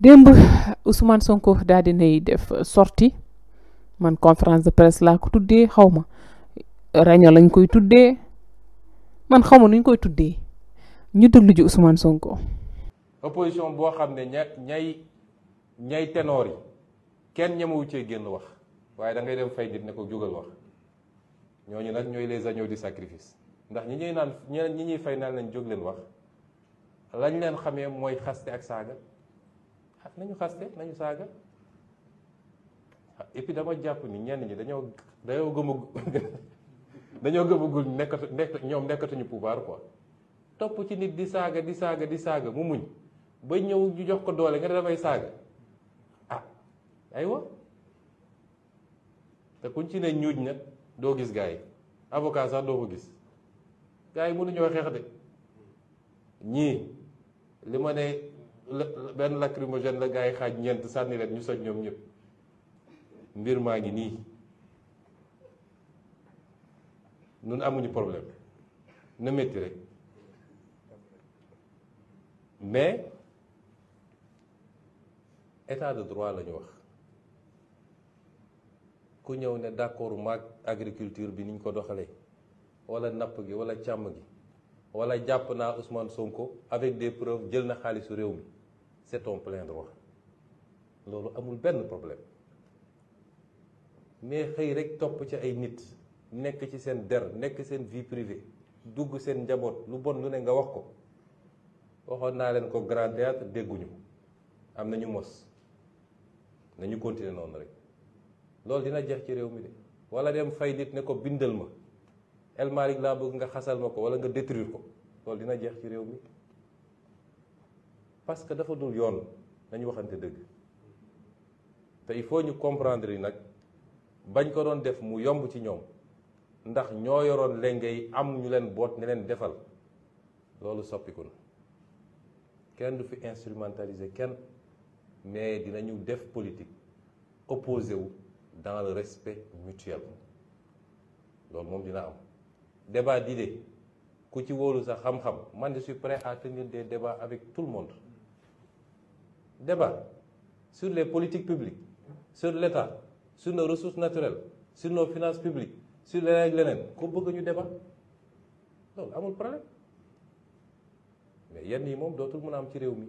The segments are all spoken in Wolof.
démb Ousmane Sonko daal nay def sorti man conférence de presse laa ko tuddee xaw ma réunion lañ koy tuddee man xaw ma nu koy tuddee ñu déglu ji Ousmane Sonko. opposition boo xam ne ñay ñay yi kenn ñemewu cee génn wax waaye da ngay dem fay nit ne ko jógal wax ñooñu nag ñooy les agneaux di sacrifice. ndax ñi ñuy naan ñeneen ñi ñuy fay naan lañ jóg leen wax lañ leen xamee mooy xaste ak saaga ah nañu xaste nañu saaga ah, et dama jàpp ni ñenn ñi dañoo dañoo gëmagul dañoo gëmagul nekkatu nekk ñoom nekkatuñu pouvoir quoi topp ci nit di saaga di saaga di saaga mu muñ ba ñëw ñu jox ko doole nga ne damay saaga ah aywa te kuñ ci ne ñuuj nag doo gis gars yi avocat sax doo ko gis. gars yi mënuñoo xeex de ñii li ma ne benn lacrymogène la gars yi xaaj ñeent sànni leen ñu soj ñoom ñëpp mbir maa ngi nii nun amuñu problème na métti rek mais état de droit la ñu wax ku ñëw ne d'accord maag agriculture bi niñ ko doxalee wala napp gi wala càmm gi wala jàpp naa Ousmane Sonko avec des preuves jël na xaalisu réew mi c'est ton plein droit loolu amul benn problème mais xëy rek topp ci ay nit nekk ci seen der nekk seen vie privée dugg seen njaboot lu bon lu ne nga wax ko waxoon naa leen ko grand théâtre dégguñu am nañu mos nañu continuer noonu rek loolu dina jeex ci réew mi de wala dem fay nit ne ko bindal ma El Malick laa bëgg nga xasal ma ko wala nga détruire ko loolu dina jeex ci réew mi parce que dafa dul yoon nañu waxante dëgg tey il ñu comprendre yi nag bañ ko doon def mu yomb ci ñoom ndax ñoo yoroon lenge ngay am ñu leen boot ne leen defal loolu soppiku na kenn du fi instrumentaliser kenn mais dinañu def politique opposé wu dans le respect mutuel loolu moom dina am débat d'idées ku ci sa xam-xam man je suis prêt à tenir des débats avec tout le monde débat sur les politiques publiques sur l'État sur nos ressources naturelles sur nos finances publiques sur les... règles. leneen ku bëgg ñu débat Donc, amul problème mais y y a des gens a am ci au mi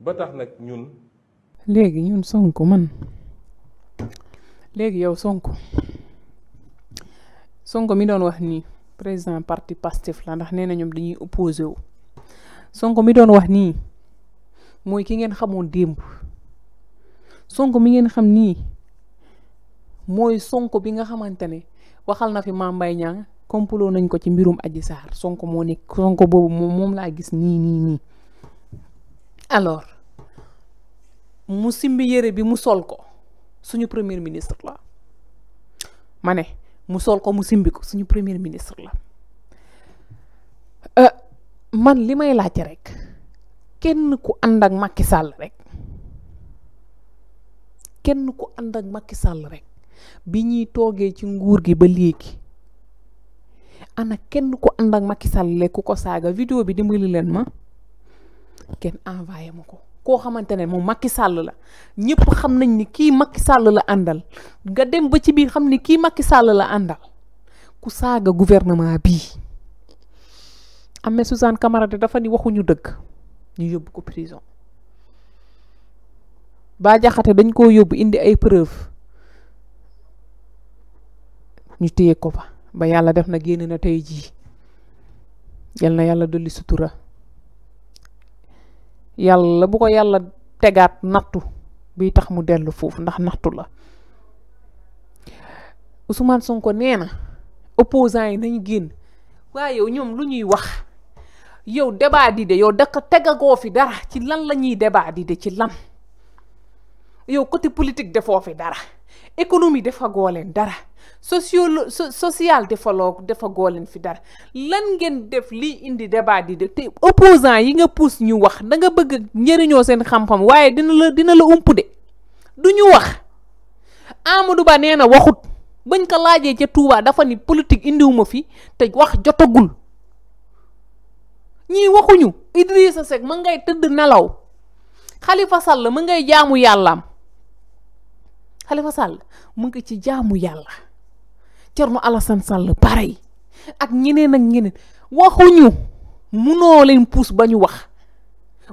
ba tax nag ñun ñun sonku man légui yow Sonko mi doon wax nii président parti Pastef la ndax nee na ñoom dañuy opposé wu Sonko mi doon wax nii mooy ki ngeen xamoon démb Sonko mi ngeen xam nii mooy Sonko bi nga xamante ne waxal na fi Mame Mbaye Niang complot nañ ko ci mbirum Adji saar Sonko moo nekk Sonko boobu moom moom laa gis nii nii nii alors mu simbi yére bi mu sol ko suñu premier ministre la ma ne mu sol ko mu simbi ko suñu premier ministre la euh, man li may laajte rek kenn ku ànd ak Macky Sall rek bi ñuy toogee ci nguur gi ba léegi ana kenn ku ànd ak Macky Sall ku ko saaga vidéo bi dimbali leen ma kenn envoyé ma ko. koo xamante ne moom makki sàll la ñépp xam nañ ni kii Macky sàll la àndal nga dem ba ci biir xam ni kii makki sàll la àndal ku saaga gouvernement bii Ahmed Suzanne Camara de dafa ni waxuñu dëgg ñu yóbbu ko prison Bah Diakhaté dañ koo yóbbu indi ay preuve ñu téye ko fa ba yàlla def na génne na tey jii yal na yàlla dolli sutura yàlla bu ko yàlla tegaat nattu bi tax mu dellu foofu ndax nattu la Ousmane Sonko nee na opposants yi nañu génn waaye yow ñoom lu ñuy wax yow débat di de yow daka tegagoo fi dara ci lan la ñuy débat di de ci lan yow côté politique defoo fi dara économie defagoo leen dara sociolo social defaloo dafa gooleen fi dara lan ngeen def lii indi débat di def te opposant yi nga pousse ñu wax da nga bëgg njëriñoo seen xam-xam waaye dina la dina la ump de du ñu wax Amadou Ba nee na waxut bañ ko laajee ca tuubaa dafa ni politique indiwuma fi te wax jotagul ñii waxuñu Idrissa Seck ma ngay tëdd nelaw Khalifa Sall ma ngay jaamu yàllaam Khalifa Sall mu ngi ci jaamu yàlla Thierno Alassane Sall pareil ak ñeneen ak ñeneen waxuñu munoo leen puus ba ñu wax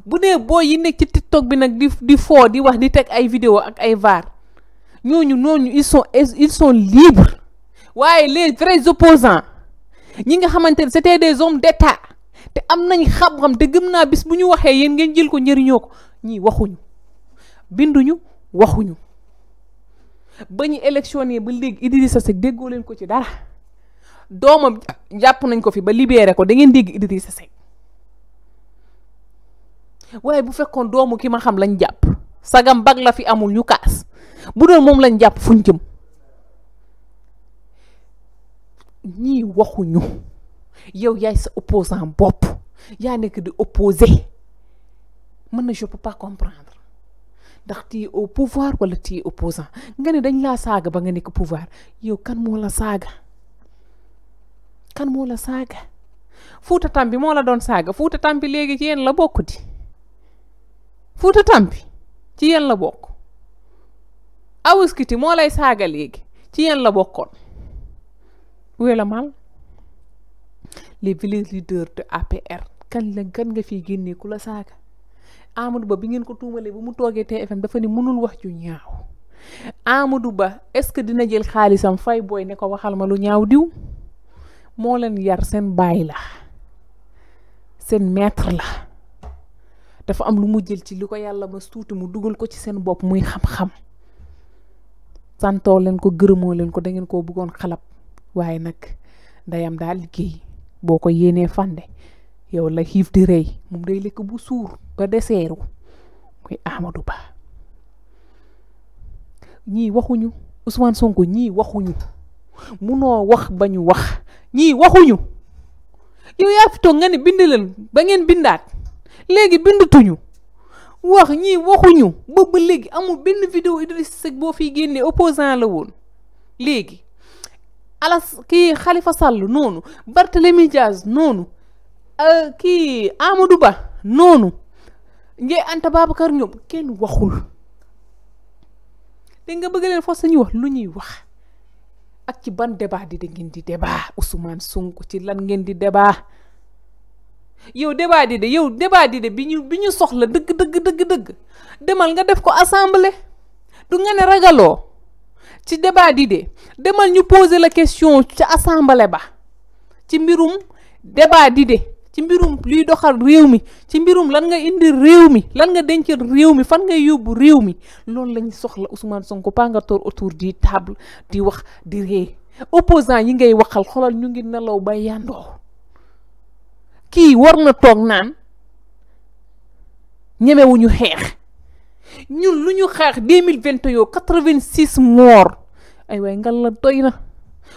bu dee boo yi nekk ci TikTok bi nag di di foo di wax di teg ay vidéo ak ay vaar ñooñu noonu ils sont ils sont libres waaye les vrais opposants ñi nga xamante ne c'était des hommes d'état te am nañ xam-xam te gëm naa bis bu ñu waxee yéen ngeen jël ko njariñoo ko ñii waxuñu binduñu waxuñu. ba ñu électionné ba léegi Idrissa Seck déggoo leen ko ci dara doomam jàpp nañ ko fi ba libéré ko da ngeen dégg Idrissa Seck waaye bu fekkoon doomu ki ma xam lañ jàpp sagam bag la fi amul ñu kaas bu doon moom lañ jàpp fuñ jëm ñii waxuñu yow yaay sa opposant bopp yaa nekk di opposé mën na je pas comprendre ndax tii au pouvoir wala tii opposant nga ne dañ laa saaga ba nga nekk pouvoir yow kan moo la saaga kan moo la saaga fuuta tampi moo la doon saaga fuuta tampi léegi ci yéen la bokk di fuuta tampi ci yéen la bokk awuskiti moo lay saaga léegi ci yéen la bokkoon wée la mal les village leaders de APR kan la kan nga fiy génnee ku la saaga Amadou Ba bi ngeen ko tuumalee bu mu toogee TFM dafa ni munul wax ju ñaaw Amadou Ba est-ce que dina jël xaalisam fay boy ne ko waxal ma lu ñaaw diw moo leen yar seen baay la sen maître la dafa am lu mu jël ci li ko yàlla ma suuti mu dugal ko ci seen bopp muy xam-xam santoo leen ko gërëmoo leen ko da ngeen koo xalab waaye nag dayam daal liggéey boo ko fande yow la xiif di rëy moom day lekk bu suur ba deseeru muy Amadou Ba ñii waxuñu Ousmane sonk ñii waxuñu munoo wax ba ñu wax ñii waxuñu yow yaa fi toog nga ne bind leen ba ngeen bindaat léegi bindatuñu wax ñii waxuñu boobu ba léegi amul benn vidéo Idrissa Seck boo fiy génnee opposant la woon léegi alas kii Khalifa Sall noonu Barthélémy Dias noonu Euh, kii Amadou Ba noonu Ndiaye Anta Babacar ñoom kenn waxul dégg nga bëgg leen foofu sañuy wax lu ñuy wax ak ci ban débat di da ngeen di débat Ousmane sunk ci lan ngeen di débat yow débat di de yow débat di de bi ñu bi ñu soxla dëgg dëgg dëgg dëgg demal nga def ko assemblée du nga ne ragaloo ci débat di de demal ñu poser la question ci assemblée ba ci mbirum débat di de ci mbirum luy doxal réew mi ci mbirum lan nga indi réew mi lan nga dencal réew mi fan ngay yóbbu réew mi loolu lañu soxla Ousmane Sonko pas nga toog autour di table di wax di ree opposant ñi ngay waxal xolal ñu ngi nelaw ba yàndoo kii war na toog naan ñemewuñu xeex ñun lu ñu xaax deux mille vingt yoo quatre vingt six ay waay ngal la doy na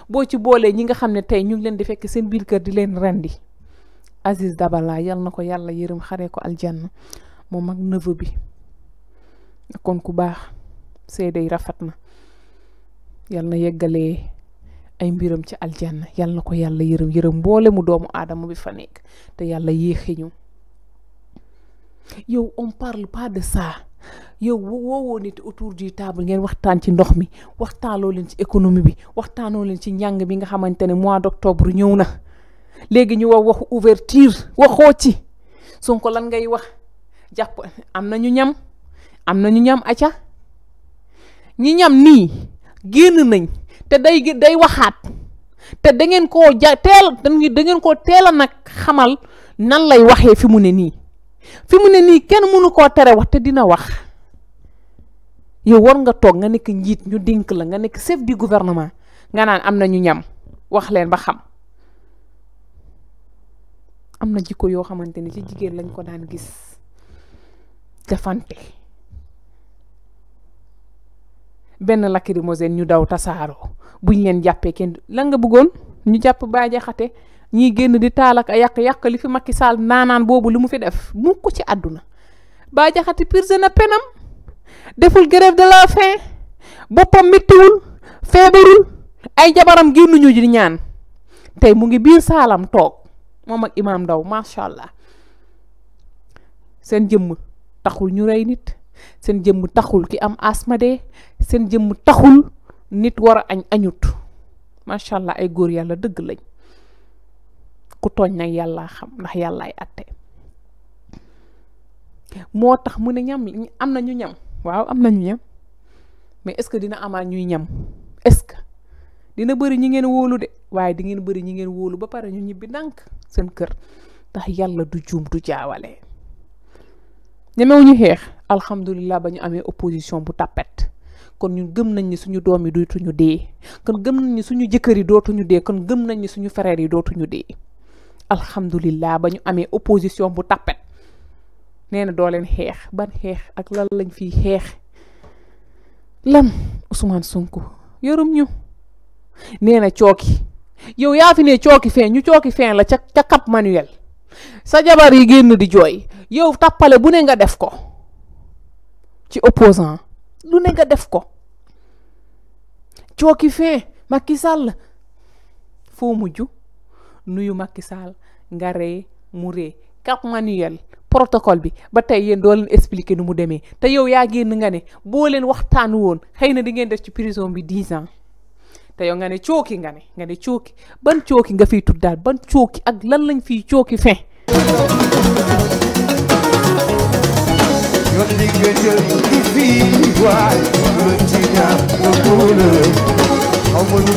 boo ci boolee ñi nga xam ne tey ñu ngi leen di fekk seen biir kër di leen rendi Aziz Dabala yal na ko yàlla yërëm xaree ko aljanna mu mag neveu bi kon ku baax seede yi rafet na yal na yeggalee ay mbiram ci aljanna yal na ko yàlla yërëm yërëm mboole mu doomu aadama bi fa nekk te yàlla yéexi ñu yow on parle pas de ça yow woowoo nit autour du table ngeen waxtaan ci ndox mi waxtaanoo leen ci économie bi waxtaanoo leen ci njàng bi nga xamante ne mois d'octobre ñëw na léegi ñu wax waxu ouverture waxoo ci Sonko lan ngay wax jàpp am na ñu ñam am na ñu ñam aca ñi ñam nii ko nañ te day day waxaat te da ngeen ko ja da ngeen koo teel a xamal nan lay waxee fi mu ne nii fi mu ne nii kenn mënu koo tere wax te dina wax yow war nga toog nga nekk njiit ñu dénk la nga nekk chef du gouvernement nga ñu ñam wax leen ba xam am na jikko yoo xamante ni ci lañ ko daan gis defante benn lacrymogène ñu daw tasaaroo buñ leen jàppee kenn lan nga bëggoon ñu jàpp Bah Diakhaté ñiy génn di taal ak yàq-yàq li fi Macky Sall naanaan boobu li mu fi def mu ko ci àdduna Bah Diakhaté purgé penam deful grève de la faim ay jabaram génnuñu di ñaan mu ngi biir saalam tok mom ak imam ndaw sha allah sen jëm taxul ñu rey nit sen jëm taxul ki am asma de sen jëm taxul nit war a añ añut sha allah ay goor yalla deug lañ ku togn nak yalla xam ndax yalla ay atté motax mu ne ñam am ñu ñam waaw amna ñu ñam mais est-ce que dina amal ñuy ñam est-ce dina bëri ñi ngeen wóolu de waaye di ngeen bëri ñi ngeen wóolu ba pare ñu ñibbi ndànk seen kër tax yàlla du juum du jaawale ñemewuñu xeex alhamdulilah ba ñu amee opposition bu tapet kon ñun gëm nañ ni suñu doom yi dootuñu dee kon gëm nañ suñu jëkkër yi dootuñu dee kon gëm suñu frères yi dootuñu dee alhamdulilah ba ñu amee opposition bu tapet nee na doo leen xeex ban xeex ak lan lañ fii xeex lan Ousmane Sonko yorum ñu. nee na cooki yow yaa fi ne cooki feeñ ñu cooki feeñ la ca ca cap manuel sa jabar yi génn di jooy yow tappale bu ne nga def ko ci opposant lu ne nga def ko cooki feeñ Macky Sall foo mujj nuyu Macky Sall nga ree mu ree cap manuel protocole bi ba tey yéen doo leen expliquer nu mu demee te yow yaa génn nga ne boo leen waxtaan woon xëy na di ngeen def ci prison bi dix ans te yow nga ne cooki nga ne nga ne cooki ban cooki nga fiy tuddaal ban cooki ak lan lañ fiy cooki fin